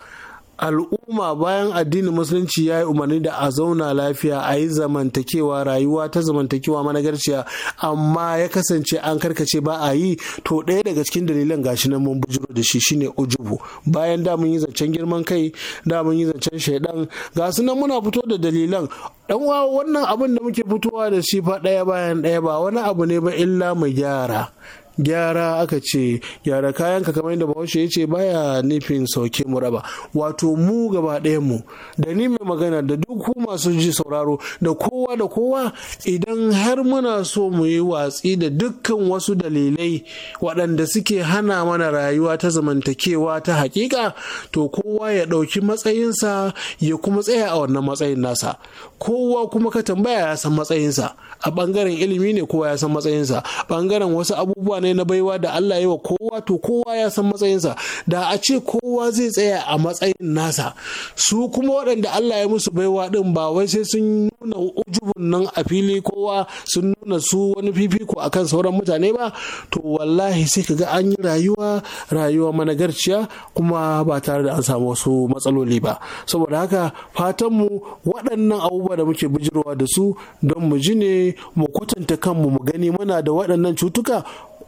al'umma bayan addinin musulunci ya yi umarni da a zauna lafiya a yi zamantakewa rayuwa ta zamantakewa managarciya amma ya kasance an karkace ba a yi to ɗaya daga cikin dalilan gashi nan mun bujiro da shi shine ujubu bayan da mun yi zancen girman kai da mun yi zancen shaidan ga su nan muna fito da dalilan dan wannan abin da muke fitowa da shi fa ɗaya bayan ɗaya ba wani abu ne ba illa mu gyara gyara aka ce gyara kayan ka kamar yadda bahaushe ya ce baya nufin sauke mu raba wato mu gaba ɗayan mu da ni mai magana da duk ku masu ji sauraro da kowa da kowa idan har muna so mu yi watsi da dukkan wasu dalilai waɗanda suke hana mana rayuwa ta zamantakewa ta hakika to kowa ya ɗauki matsayinsa ya kuma tsaya a wannan matsayin nasa kowa kuma ka tambaya ya san matsayinsa a ɓangaren ilimi ne kowa ya san matsayinsa ɓangaren wasu abubuwa ne ne na baiwa da Allah ya wa kowa to kowa ya san matsayinsa da a ce kowa zai tsaya a matsayin nasa su kuma waɗanda Allah ya musu baiwa din ba wai sai sun nuna ujubun nan a fili kowa sun nuna su wani fifiko kan sauran mutane ba to wallahi sai ka ga an yi rayuwa rayuwa managarciya kuma ba tare da an samu wasu matsaloli ba saboda haka fatan mu waɗannan abubuwa da muke bijirwa da su don mu ji ne mu kwatanta kanmu mu gani mana da waɗannan cutuka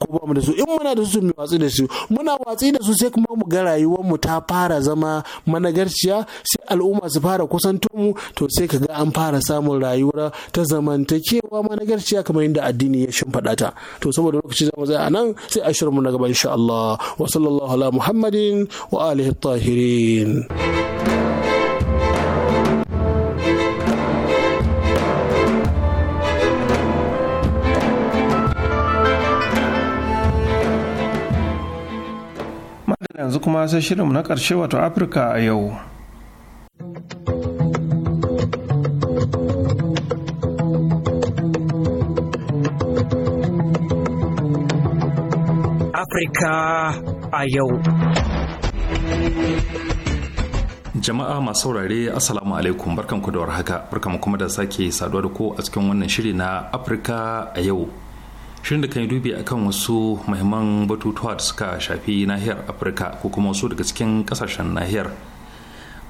ko ba mu da su in muna da su mu watsi da su muna watsi da su sai kuma mu ga rayuwar mu ta fara zama managarciya sai al'umma su fara kusanto mu to sai ka ga an fara samun rayuwar ta zamantakewa managarciya kamar yadda addini ya shimfaɗata ta to saboda lokaci zamu tsaya anan sai a shirin mu na gaba insha Allah wa sallallahu ala muhammadin wa alihi tahirin yanzu kuma sai shirinmu na ƙarshe wato Afirka a yau. Afirka a yau. Jama'a masu saurare Assalamu alaikum barkanku da warhaka barkanku kuma da sake saduwa da ku a cikin wannan shiri na Afirka a yau. shirin da kan yi dubi a kan wasu mahimman batutuwa da suka shafi nahiyar afirka ko kuma wasu daga cikin kasashen nahiyar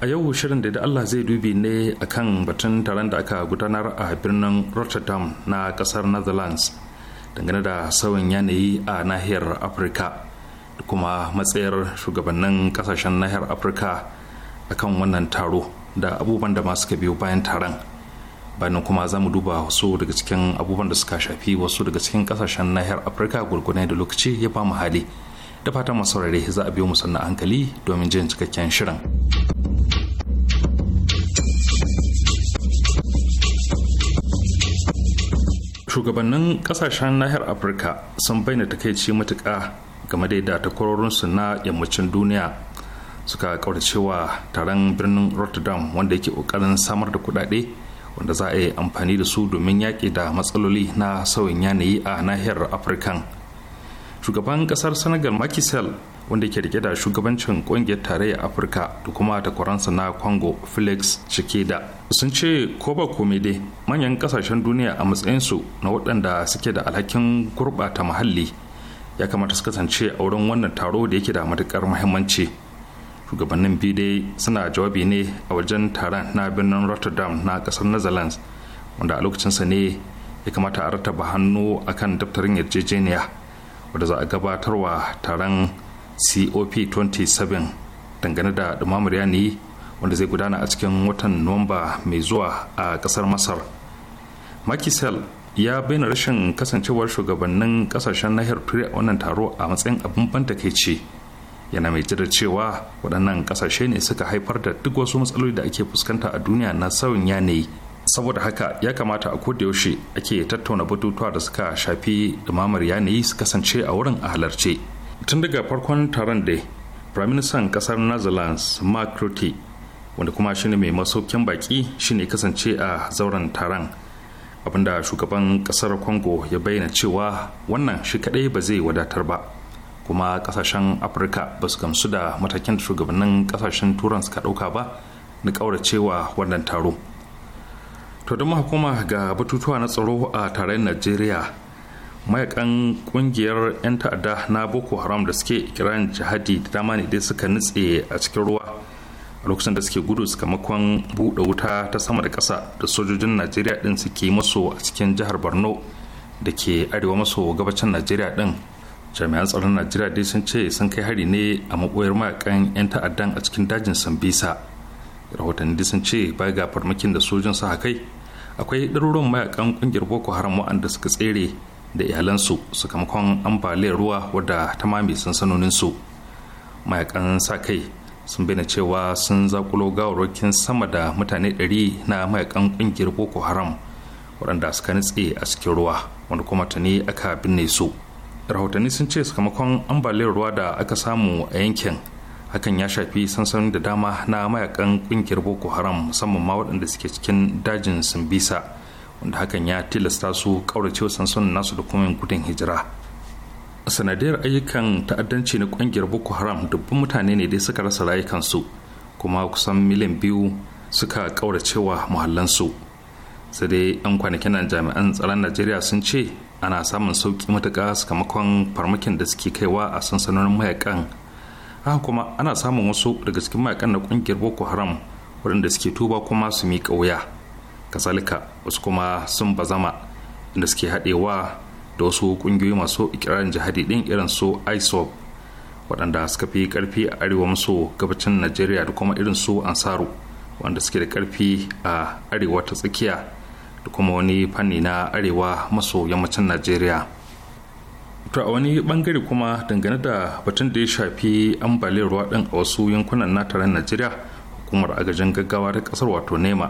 a yau shirin da da allah zai dubi ne a kan batun taron da aka gudanar a birnin rotterdam na kasar netherlands dangane da sauyin yanayi a nahiyar afirka da kuma matsayar shugabannin kasashen nahiyar afirka a kan wannan taro da abubuwan da masu ka biyo bayan taron bayanan kuma za mu duba wasu daga cikin abubuwan da suka shafi wasu daga cikin kasashen nahiyar afirka gurgunai da lokaci ya ba mu hali da fatan masu rarrai za a biyo mu sannan hankali domin jin cikakken shirin shugabannin kasashen nahiyar afirka sun bayyana takaici matuƙa game da yadda takwarorinsu na yammacin duniya suka kauracewa taron birnin rotterdam wanda yake ƙoƙarin samar da kuɗaɗe wanda za a yi amfani da su domin yaƙi da matsaloli na sauyin yanayi a nahiyar afirkan shugaban ƙasar senegal makisel wanda ke rike da shugabancin kungiyar tarayyar afirka da kuma takwaransa na congo felix shikeda sun ce ko ba komai dai manyan kasashen duniya a matsayinsu na waɗanda suke da alhakin gurɓata muhalli ya kamata su kasance a wurin wannan taro da yake da matuƙar muhimmanci shugabannin biyu dai suna jawabi ne a wajen taron na birnin rotterdam na kasar netherlands wanda a lokacinsa ne ya kamata a rattaba hannu akan daftarin yarjejeniya wadda za a gabatarwa taron cop 27 dangane da dumamar yanayi wanda zai gudana a cikin watan nuwamba mai zuwa a kasar masar makisel ya bayyana rashin kasancewar shugabannin kasashen nahiyar turai a wannan taro a matsayin abin ban takaici yana mai jira cewa waɗannan ƙasashe ne suka haifar da duk wasu matsaloli da ake fuskanta a duniya na sauyin yanayi saboda haka ya kamata a yaushe ake tattauna batutuwa da suka shafi ɗumamar yanayi su kasance a wurin a halarce tun daga farkon taron da firaministan ƙasar netherlands mark rutte wanda kuma shine mai masaukin baki shine kasance a zauren taron abinda shugaban ƙasar congo ya bayyana cewa wannan shi kaɗai ba zai wadatar ba kuma kasashen afirka ba su gamsu da matakin da shugabannin kasashen turan suka dauka ba na kauracewa wannan taro to don hukuma ga batutuwa na tsaro a tarayyar najeriya mayakan kungiyar 'yan ta'adda na boko haram da suke kiran jihadi da dama ne dai suka nutse a cikin ruwa a lokacin da suke gudu sakamakon buɗe wuta ta sama da ƙasa da sojojin najeriya ɗin suke maso a cikin jihar borno da ke arewa maso gabacin najeriya ɗin jami'an tsaron najeriya dai sun ce sun kai hari ne a maboyar mayakan 'yan ta'addan a cikin dajin sambisa rahotanni dai sun ce baya ga farmakin da sojin sa kai akwai ɗaruruwan mayakan ƙungiyar boko haram waɗanda suka tsere da iyalansu sakamakon ambaliyar ruwa wadda ta mame su mayakan sa kai sun bayyana cewa sun zakulo gawarwakin sama da mutane 100 na mayakan ƙungiyar boko haram waɗanda suka nutse a cikin ruwa wanda kuma ta aka binne su rahotanni sun ce sakamakon ambaliyar ruwa da aka samu a yankin hakan ya shafi sansanin da dama na mayakan kungiyar boko haram musamman ma waɗanda suke cikin dajin simbisa wanda hakan ya tilasta su kauracewa sansanin nasu da kuma gudun hijira sanadiyar ayyukan ta'addanci na kungiyar boko haram dubban mutane ne dai suka rasa rayukansu kuma kusan miliyan biyu suka ƙauracewa muhallansu sai dai 'yan kwanakin jami'an tsaron najeriya sun ce ana samun sauki matuƙa sakamakon farmakin da suke kaiwa a sansanonin mayakan haka kuma ana samun wasu daga cikin mayakan na ƙungiyar boko haram waɗanda suke tuba kuma su miƙa wuya kasalika wasu kuma sun bazama inda suke haɗewa da wasu ƙungiyoyi masu ikirarin jihadi ɗin irin su isop waɗanda suka fi ƙarfi a arewa maso gabacin najeriya da kuma irin su ansaru wanda suke da ƙarfi a arewa ta tsakiya da kuma wani fanni na arewa maso yammacin najeriya to a wani bangare kuma dangane da batun da ya shafi ambaliyar ruwa din a wasu yankunan na taron najeriya hukumar agajin gaggawa ta kasar wato nema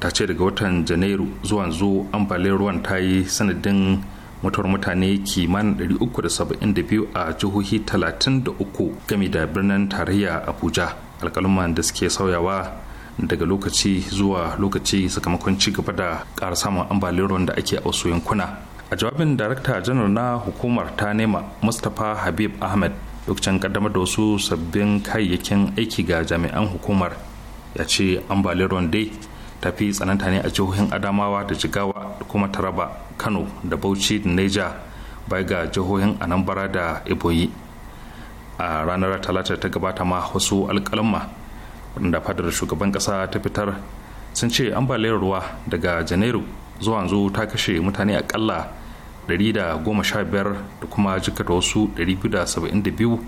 ta ce daga watan janairu zuwa zu ambaliyar ruwan ta yi sanadin mutuwar mutane kimanin 372 a jihohi 33 gami da birnin tarayya abuja alkaluman da suke sauyawa daga lokaci zuwa lokaci sakamakon ci gaba da ƙara samun ambaliyar ruwan da ake a wasu yankuna a jawabin darakta janar na hukumar ta nema mustapha habib ahmed lokacin kaddamar da wasu sabbin kayayyakin aiki ga jami'an hukumar ya ce ambaliyar ruwan dai ta fi tsananta ne a jihohin adamawa da jigawa da kuma taraba kano da bauchi da neja bai ga jihohin anambra da iboyi a ranar talata ta gabata ma wasu alkalamma. wadanda fadar shugaban ƙasa ta fitar sun ce ambaliyar ruwa daga janairu zuwa yanzu ta kashe mutane akalla 115 da kuma jikata wasu 272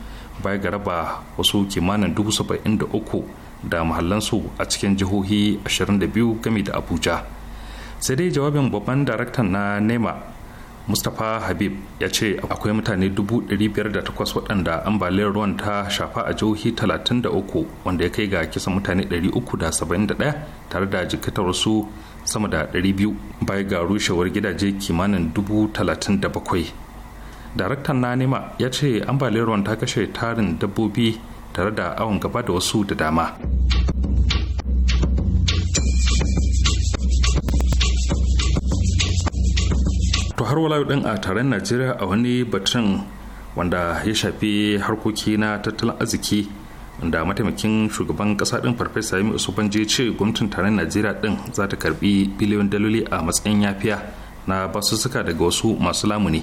baya ga raba wasu kimanin 73 da mahallansu a cikin jihohi 22 gami da abuja sai dai jawabin babban daraktan na nema mustapha habib ya ce akwai mutane 508 waɗanda ambaliyar ruwan ta shafa a jihohi 33 wanda ya kai ga kisan mutane 371 tare da jikitarsu sama da 200 baya ga rushewar gidaje kimanin 37,000 daraktan na nema ya ce ambaliyar ruwan ta kashe tarin dabbobi tare da awon gaba da wasu da dama to har wala din a taron najeriya a wani batun wanda ya shafi harkoki na tattalin arziki wanda mataimakin shugaban kasa din farfesa yami usufan je ce gwamnatin taron najeriya din za ta karbi biliyon daloli a matsayin yafiya na basussuka daga wasu masu lamuni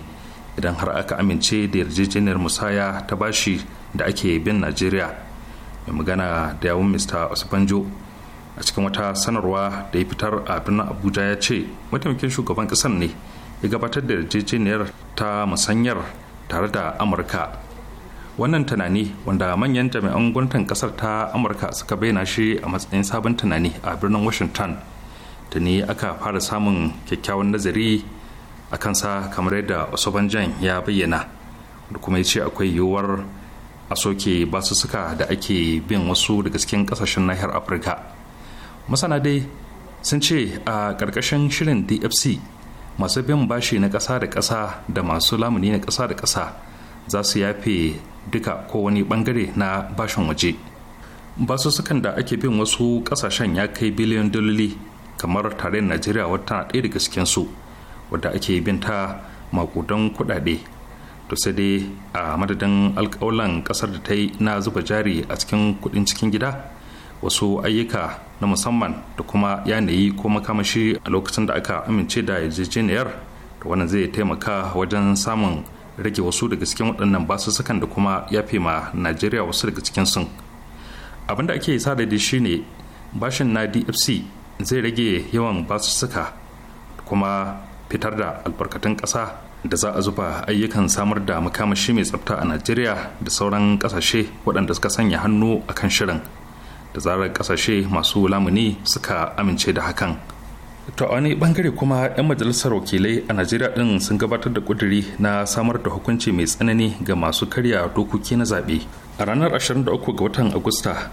idan har aka amince da yarjejeniyar musaya ta bashi da ake bin najeriya mai magana da yawun mr osibanjo a cikin wata sanarwa da ya fitar a birnin abuja ya ce mataimakin shugaban kasar ne ya gabatar da yarjejeniyar ta musanyar tare da amurka wannan tunani wanda manyan jami'an gwamnatin kasar ta amurka suka bayyana shi a matsayin sabon tunani a birnin washington tuni aka fara samun kyakkyawan nazari a kansa kamar yadda osobanjan ya bayyana da kuma ya ce akwai yiwuwar a soke basussuka da ake bin wasu daga cikin kasashen nahiyar afirka masana dai sun ce a ƙarƙashin shirin dfc masu bin bashi na ƙasa da ƙasa da masu lamuni na ƙasa da ƙasa za su yafe duka kowane bangare na bashin waje basussukan da ake bin wasu ƙasashen ya kai biliyan dalili kamar tarayyar najeriya wata ɗaya daga cikinsu wadda ake bin ta makudan kuɗaɗe to sai dai a madadin alƙawalan ƙasar da ta yi na zuba jari a cikin kuɗin cikin gida wasu ayyuka na musamman da kuma yanayi ko makamashi a lokacin da aka amince da yarjejeniyar da wannan zai taimaka wajen samun rage wasu daga cikin waɗannan basussukan da kuma yafe ma najeriya wasu daga cikin sun abin da ake sa da shine bashin na dfc zai rage yawan basussuka da kuma fitar da albarkatun ƙasa da za a zuba ayyukan samar da makamashi mai tsafta a najeriya da sauran ƙasashe waɗanda suka sanya hannu a kan shirin da zarar kasashe masu lamuni suka amince da hakan to a wani bangare kuma 'yan majalisar wakilai a najeriya din sun gabatar da kuduri na samar da hukunci mai tsanani ga masu karya dokoki na zaɓe a ranar 23 ga watan agusta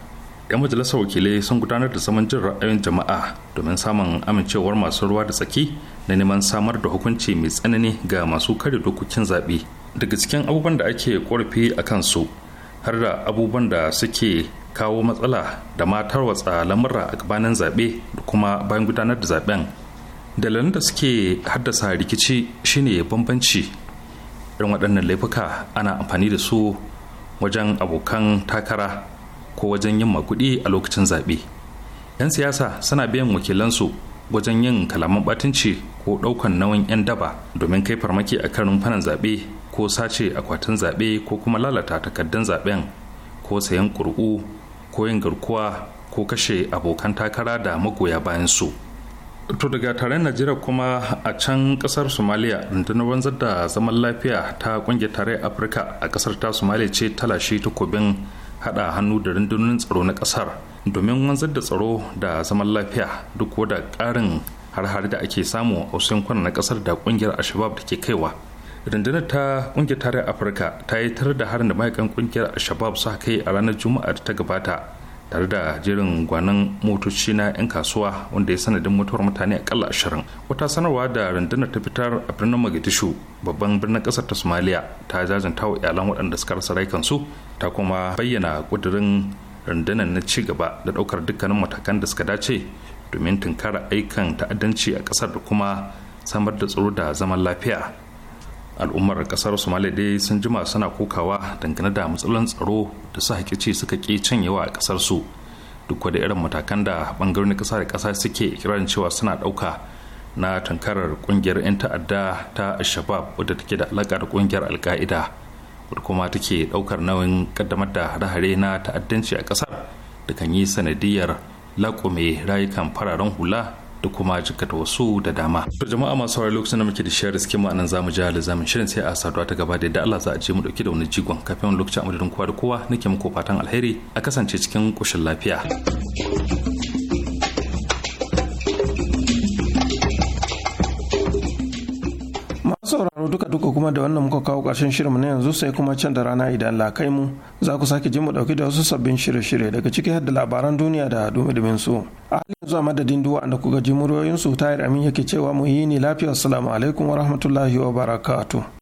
'yan majalisar wakilai sun gudanar da zaman jin ra'ayin jama'a domin samun amincewar masu ruwa da tsaki na neman samar da hukunci mai tsanani ga masu karya dokokin zaɓe daga cikin abubuwan da ake korafi a kansu har da abubuwan da suke kawo matsala da matar watsa lamura a gabanin zaɓe da kuma bayan gudanar da zaɓen dalilan da suke haddasa rikici shine bambanci irin waɗannan laifuka ana amfani da su wajen abokan takara ko wajen yin makuɗi a lokacin zaɓe 'yan siyasa suna biyan wakilansu wajen yin kalaman batunci ko ɗaukan nauyin 'yan daba domin kai farmaki a kan rumfanan zaɓe ko sace akwatin zaɓe ko kuma lalata takardun zaɓen ko sayan ƙuri'u ko yin garkuwa ko kashe abokan takara da magoya bayan su to daga taron najeriya kuma a can kasar somalia rundunar wanzar da zaman lafiya ta kungiyar tarayyar afirka a kasar ta somalia ce talashi takobin haɗa hannu da rundunar tsaro na ƙasar domin wanzar da tsaro da zaman lafiya duk da ƙarin har-har da ake samu a wasu yankunan na ƙasar da ƙungiyar ashabab da ke kaiwa rundunar ta kungiyar tarayyar afirka ta yi tare da harin da mayakan kungiyar shabab suka kai a ranar juma'a da ta gabata tare da jerin gwanan motoci na 'yan kasuwa wanda ya sanadin mutuwar mutane akalla ashirin wata sanarwa da rundunar ta fitar a birnin magadishu babban birnin kasar ta somaliya ta jajanta wa iyalan waɗanda suka rasa raikansu ta kuma bayyana ƙudurin rundunar na ci gaba da ɗaukar dukkanin matakan da suka dace domin tunkara aikan ta'addanci a ƙasar da kuma samar da tsaro da zaman lafiya al'ummar kasar somalia dai sun jima suna kokawa dangane da matsalan tsaro da su hakici suka ke canyewa a kasar su duk da irin matakan da bangarorin kasa da kasa suke kiran cewa suna dauka na tankarar kungiyar 'yan ta'adda ta shabab wadda take da alaka da kungiyar alka'ida wadda kuma take daukar nauyin kaddamar da hare-hare na ta'addanci a kasar da kan yi sanadiyar laƙume rayukan fararen hula da kuma jikata wasu da dama to jama'a masu sauraro lokacin da muke da shirin suke mu anan zamu ji alizamin shirin sai a saduwa ta gaba da yadda Allah za a je mu dauki da wani jigon kafin wani lokacin amadadin kowa da kowa nake muku fatan alheri a kasance cikin koshin lafiya thank you sauraro duka duka kuma da wannan muka kawo ƙarshen shirinmu na yanzu sai kuma can da rana idan la mu za ku sake ji mu dauki da wasu sabbin shirye-shirye daga ciki har da labaran duniya da dumi-dumin su a halin yanzu a madadin duwa da ku ji muryoyin su tayar amin yake cewa mu yi ni lafiya assalamu alaikum wa rahmatullahi wa barakatuh